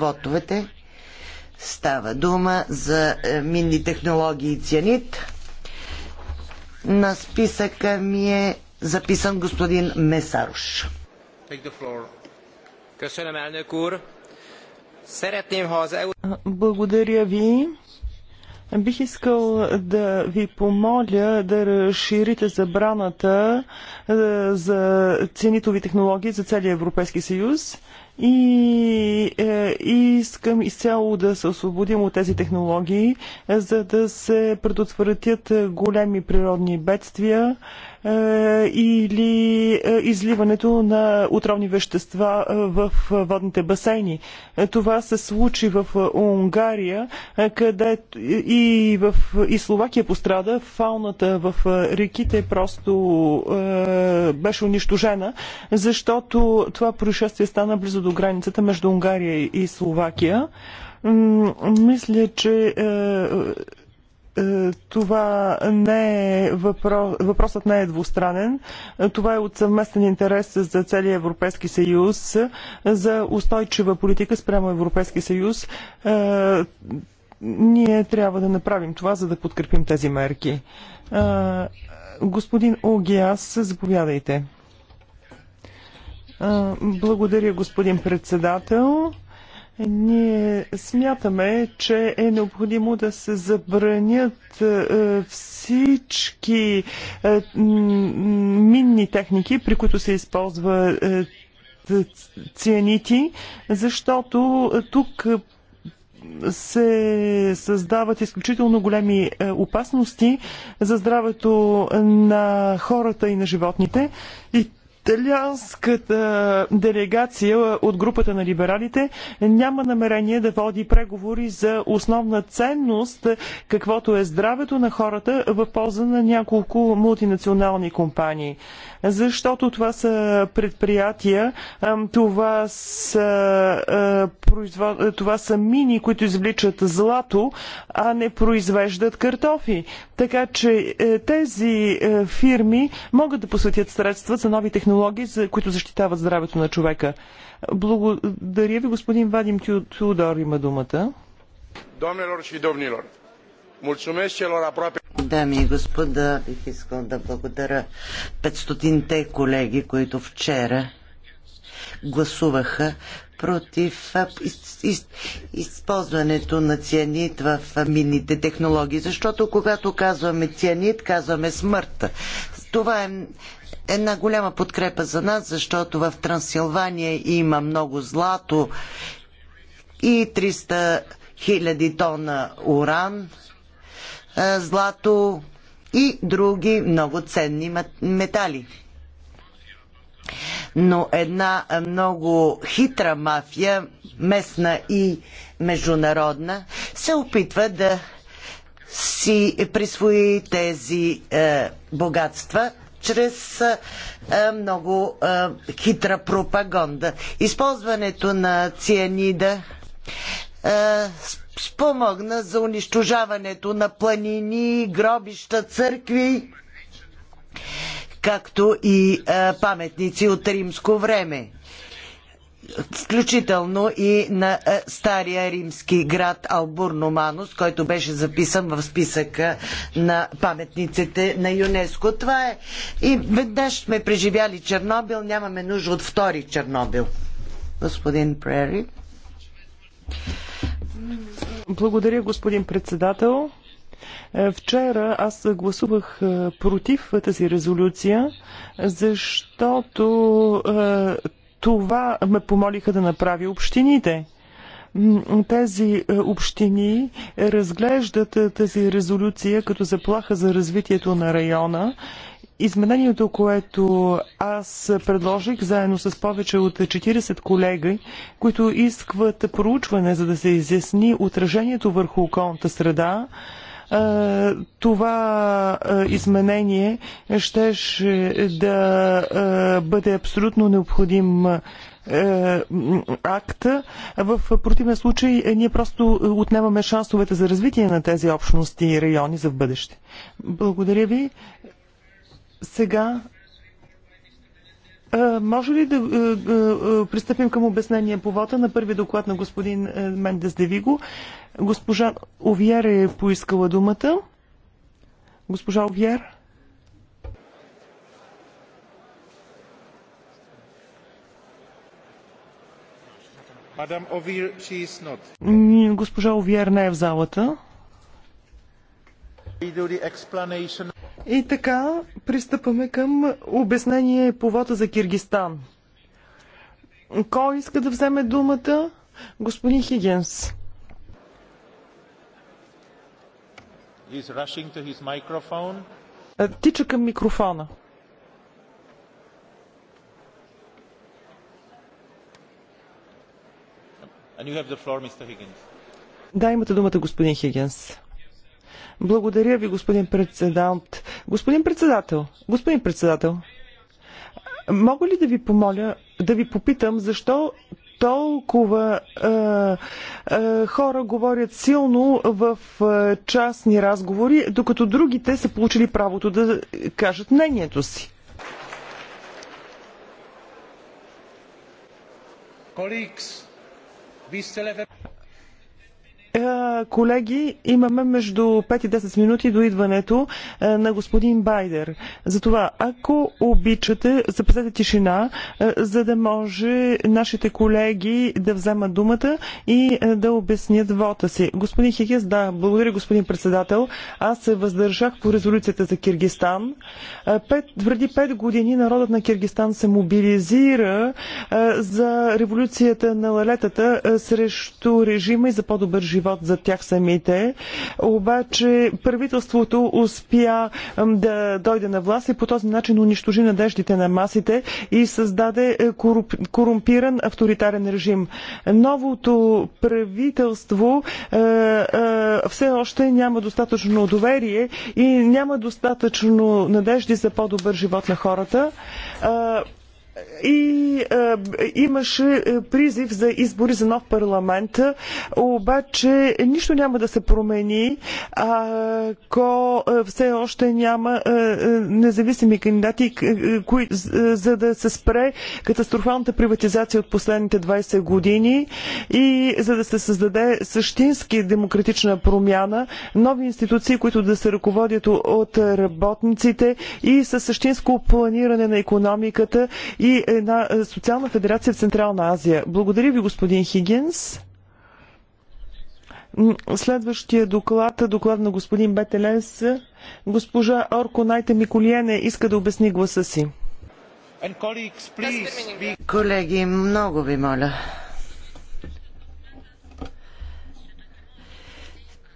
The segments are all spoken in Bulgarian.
вотовете. Става дума за е, минни технологии и цианит. На списъка ми е записан господин Месаруш. Благодаря ви. Бих искал да ви помоля да разширите забраната е, за ценитови технологии за целия Европейски съюз и е, искам изцяло да се освободим от тези технологии, за да се предотвратят големи природни бедствия. Е, или е, изливането на отровни вещества е, в водните басейни. Това се случи в Унгария къде и, в, и Словакия пострада. Фауната в реките просто беше унищожена, защото това происшествие стана близо до границата между Унгария и Словакия мисля, че е, това не е въпрос, въпросът не е двустранен. Е, това е от съвместен интерес за целия Европейски съюз, е, за устойчива политика спрямо Европейски съюз. Ние трябва да направим това, за да подкрепим тези мерки. Господин Огиас, заповядайте. Благодаря, господин председател. Ние смятаме, че е необходимо да се забранят е, всички е, минни техники, при които се използва е, цианити, защото тук се създават изключително големи опасности за здравето на хората и на животните. И Италианската делегация от групата на либералите няма намерение да води преговори за основна ценност, каквото е здравето на хората в полза на няколко мултинационални компании. Защото това са предприятия, това са производ... Е, това са мини, които извличат злато, а не произвеждат картофи. Така че е, тези е, фирми могат да посветят средства за нови технологии, за които защитават здравето на човека. Благодаря ви, господин Вадим Тюдор има думата. Дами и господа, бих искал да благодаря 500-те колеги, които вчера гласуваха против използването на цианид в минните технологии. Защото когато казваме цианид, казваме смърт. Това е една голяма подкрепа за нас, защото в Трансилвания има много злато и 300 хиляди тона уран, злато и други много ценни метали но една много хитра мафия, местна и международна, се опитва да си присвои тези е, богатства чрез е, много е, хитра пропаганда. Използването на цианида е, спомогна за унищожаването на планини, гробища, църкви както и е, паметници от римско време включително и на е, стария римски град Албурноманус, който беше записан в списъка на паметниците на ЮНЕСКО. Това е. И веднъж сме преживяли Чернобил, нямаме нужда от втори Чернобил. Господин Прери. Благодаря, господин председател. Е, вчера аз гласувах е, против тази резолюция, защото е, това ме помолиха да направи общините тези общини разглеждат тази резолюция като заплаха за развитието на района. Изменението, което аз предложих заедно с повече от 40 колеги, които искват проучване, за да се изясни отражението върху околната среда, е, това е, изменение щеше да е, бъде абсолютно необходим акт. В противен случай ние просто отнемаме шансовете за развитие на тези общности и райони за в бъдеще. Благодаря ви. Сега може ли да пристъпим към обяснение по вота на първи доклад на господин Мендес Девиго? Госпожа Овиер е поискала думата. Госпожа Овиер? Мадам she is not. Госпожа Овиер не е в залата. И така, пристъпваме към обяснение по вода за Киргистан. Кой иска да вземе думата? Господин Хигенс. Тича към микрофона. Floor, да, имате думата, господин Хигенс. Благодаря ви, господин председател. Господин председател, господин председател, мога ли да ви помоля да ви попитам защо толкова е, е, хора говорят силно в е, частни разговори, докато другите са получили правото да кажат мнението си? Е, колеги, имаме между 5 и 10 минути до идването е, на господин Байдер. Затова, ако обичате, запазете тишина, е, за да може нашите колеги да вземат думата и да обяснят вота си. Господин Хигес, да, благодаря господин председател. Аз се въздържах по резолюцията за Киргистан. Пет, преди 5 години народът на Киргистан се мобилизира за революцията на лалетата срещу режима и за по-добър живот живот за тях самите. Обаче правителството успя да дойде на власт и по този начин унищожи надеждите на масите и създаде е, коруп... корумпиран авторитарен режим. Новото правителство е, е, все още няма достатъчно доверие и няма достатъчно надежди за по-добър живот на хората. Е, и е, имаше е, призив за избори за нов парламент, обаче нищо няма да се промени, ако е, все още няма е, е независими кандидати, кои, за да се спре катастрофалната приватизация от последните 20 години и за да се създаде същински демократична промяна, нови институции, които да се ръководят от работниците и със същинско планиране на економиката и една е, социална федерация в Централна Азия. Благодаря ви, господин Хигинс. Следващия доклад е доклад на господин Бетелес. Госпожа Орко Найте Миколиене иска да обясни гласа си. Колеги, много ви моля,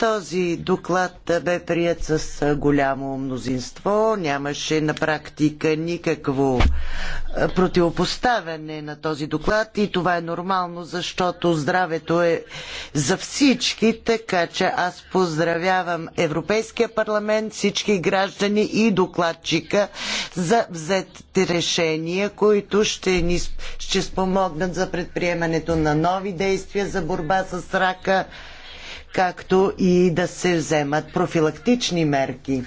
Този доклад бе прият с голямо мнозинство. Нямаше на практика никакво е, противопоставяне на този доклад и това е нормално, защото здравето е за всички, така че аз поздравявам Европейския парламент, всички граждани и докладчика за взетите решения, които ще, ни, ще спомогнат за предприемането на нови действия за борба с рака както и да се вземат профилактични мерки.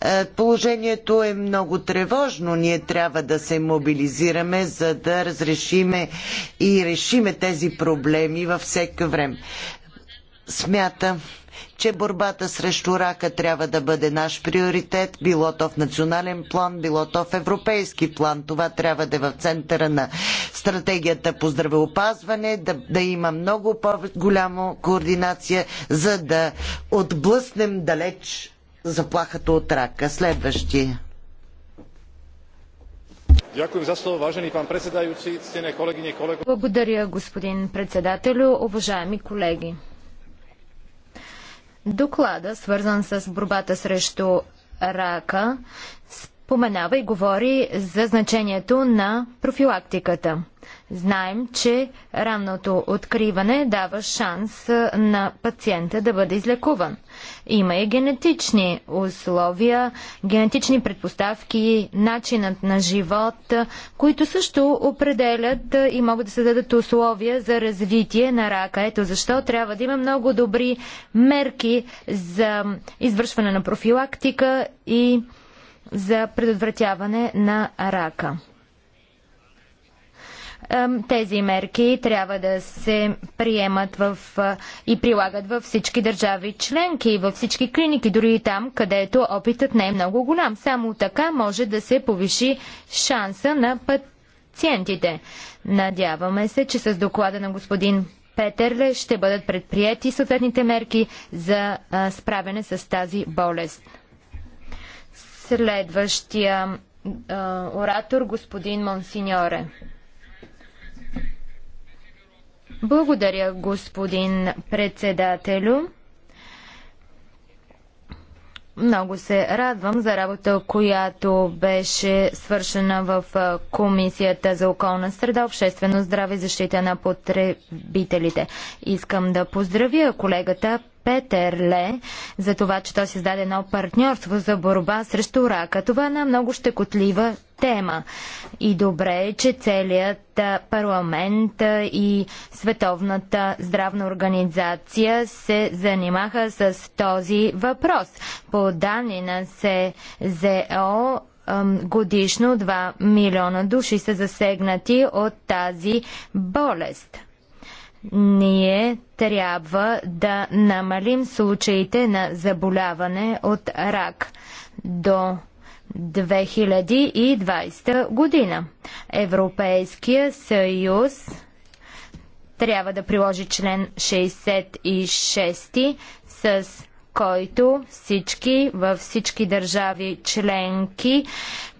Е, положението е много тревожно. Ние трябва да се мобилизираме, за да разрешиме и решиме тези проблеми във всеки време. Смятам, че борбата срещу рака трябва да бъде наш приоритет, било то в национален план, било то в европейски план. Това трябва да е в центъра на стратегията по здравеопазване, да, да има много по-голяма координация, за да отблъснем далеч заплахата от рака. Следващи. Благодаря, господин председателю. Уважаеми колеги, Доклада, свързан с борбата срещу рака, споменава и говори за значението на профилактиката. Знаем, че ранното откриване дава шанс на пациента да бъде излекуван. Има и генетични условия, генетични предпоставки, начинът на живот, които също определят и могат да се дадат условия за развитие на рака. Ето защо трябва да има много добри мерки за извършване на профилактика и за предотвратяване на рака. Тези мерки трябва да се приемат в, и прилагат във всички държави членки и във всички клиники, дори и там, където опитът не е много голям. Само така може да се повиши шанса на пациентите. Надяваме се, че с доклада на господин Петерле ще бъдат предприяти съответните мерки за справяне с тази болест. Следващия а, оратор, господин Монсиньоре. Благодаря, господин председателю. Много се радвам за работа, която беше свършена в Комисията за околна среда, обществено здраве и защита на потребителите. Искам да поздравя колегата Петерле за това, че той създаде едно партньорство за борба срещу рака. Това е една много щекотлива тема. И добре е, че целият парламент и Световната здравна организация се занимаха с този въпрос. По данни на СЗО годишно 2 милиона души са засегнати от тази болест ние трябва да намалим случаите на заболяване от рак до 2020 година. Европейския съюз трябва да приложи член 66 с който всички във всички държави членки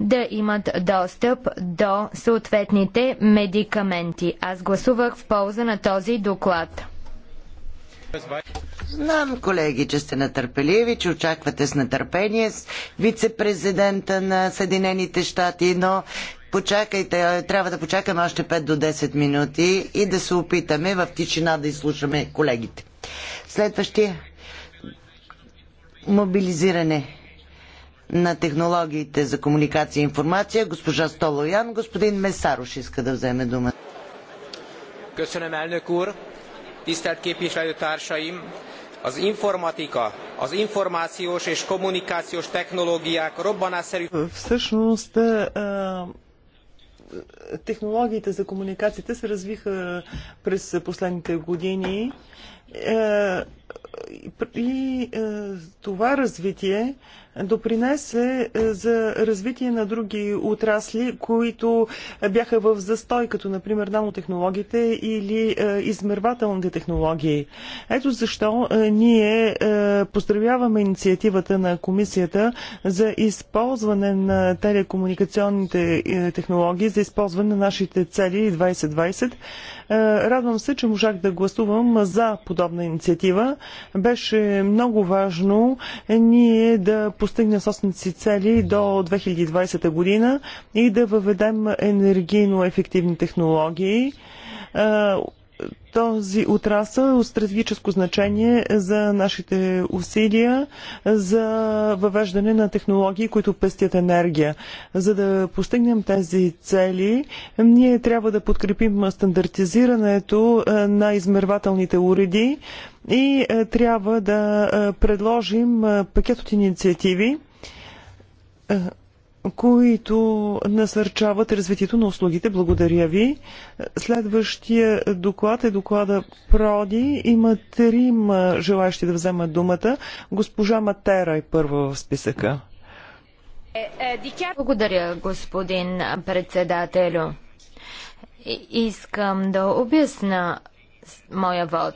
да имат достъп до съответните медикаменти. Аз гласувах в полза на този доклад. Знам, колеги, че сте натърпеливи, че очаквате с нетърпение вице-президента на Съединените щати, но почакайте, е, трябва да почакаме още 5 до 10 минути и да се опитаме в тишина да изслушаме колегите. Следващия мобилизиране на технологиите за комуникация и информация. Госпожа Столоян, господин Месарош иска да вземе дума. Köszönöm, elnök úr! Tisztelt képviselőtársaim! Az informatika, az információs és kommunikációs technológiák robbanásszerű... Всъщност, е, е, технологиите за комуникациите се развиха през последните години е, и е, това развитие допринесе е, за развитие на други отрасли, които бяха в застой, като например нанотехнологите или е, измервателните технологии. Ето защо ние поздравяваме инициативата на комисията за използване на телекомуникационните технологии, за използване на нашите цели 2020. Радвам се, че можах да гласувам за подобна инициатива беше много важно ние да постигнем собствените си цели до 2020 година и да въведем енергийно ефективни технологии този отрасъл е от стратегическо значение за нашите усилия за въвеждане на технологии, които пестят енергия. За да постигнем тези цели, ние трябва да подкрепим стандартизирането е, на измервателните уреди и е, трябва да е, предложим пакет от инициативи които насърчават развитието на услугите. Благодаря ви. Следващия доклад е доклада Проди. Има три желащи да вземат думата. Госпожа Матера е първа в списъка. Благодаря, господин председателю. Искам да обясна моя вод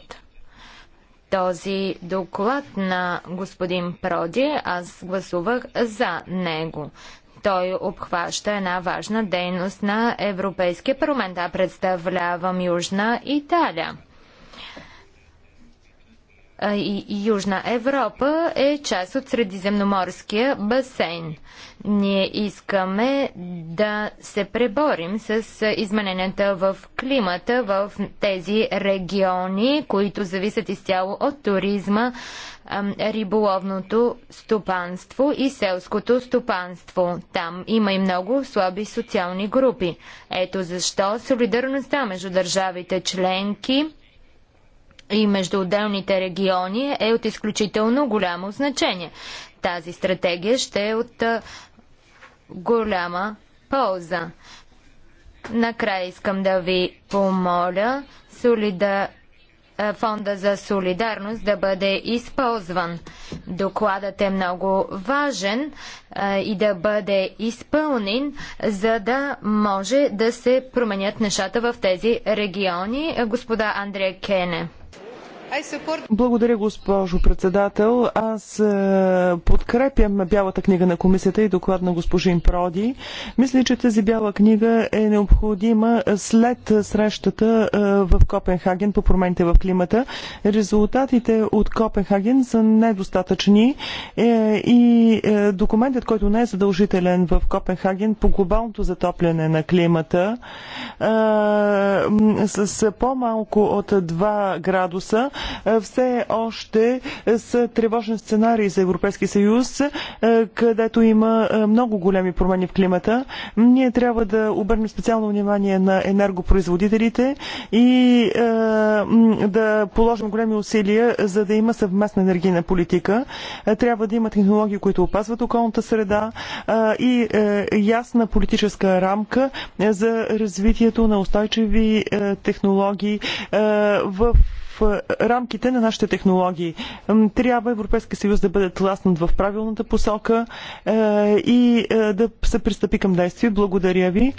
този доклад на господин Проди, аз гласувах за него. Той обхваща една важна дейност на Европейския парламент. А представлявам Южна Италия и Южна Европа е част от Средиземноморския басейн. Ние искаме да се преборим с измененията в климата в тези региони, които зависят изцяло от туризма, риболовното стопанство и селското стопанство. Там има и много слаби социални групи. Ето защо солидарността между държавите членки и между отделните региони е от изключително голямо значение. Тази стратегия ще е от голяма полза. Накрая искам да ви помоля солида... фонда за солидарност да бъде използван. Докладът е много важен и да бъде изпълнен, за да може да се променят нещата в тези региони. Господа Андрея Кене. Благодаря, госпожо председател. Аз е, подкрепям Бялата книга на комисията и доклад на госпожин Проди. Мисля, че тази Бяла книга е необходима след срещата е, в Копенхаген по промените в климата. Резултатите от Копенхаген са недостатъчни е, и документът, който не е задължителен в Копенхаген по глобалното затопляне на климата с по-малко от 2 градуса е, все още са тревожни сценарии за Европейски съюз, е, където има е, много големи промени в климата. Ние трябва да обърнем специално внимание на енергопроизводителите и да положим големи усилия, за да има съвместна енергийна политика. Трябва да има технологии, които опазват околната среда и ясна политическа рамка за развитието на устойчиви технологии в рамките на нашите технологии. Трябва Европейския съюз да бъде тласнат в правилната посока е, и е, да се пристъпи към действие. Благодаря ви.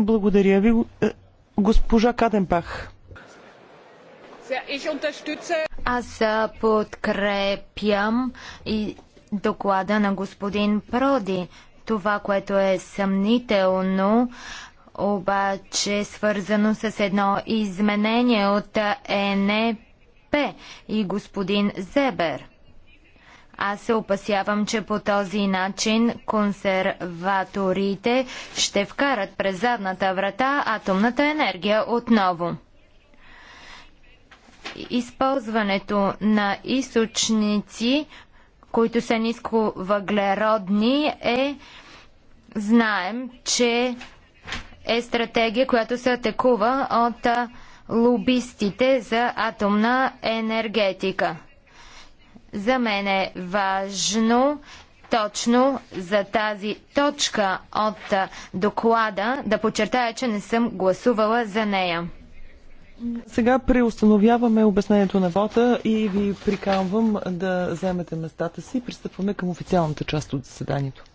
Благодаря ви, е, госпожа Каденбах. Аз подкрепям и доклада на господин Проди. Това, което е съмнително, обаче свързано с едно изменение от ЕНП и господин Зебер. Аз се опасявам, че по този начин консерваторите ще вкарат през задната врата атомната енергия отново. Използването на източници, които са нисковъглеродни, е знаем, че е стратегия, която се атакува от лобистите за атомна енергетика. За мен е важно точно за тази точка от доклада да подчертая, че не съм гласувала за нея. Сега преустановяваме обяснението на вота и ви приканвам да вземете местата си. Пристъпваме към официалната част от заседанието.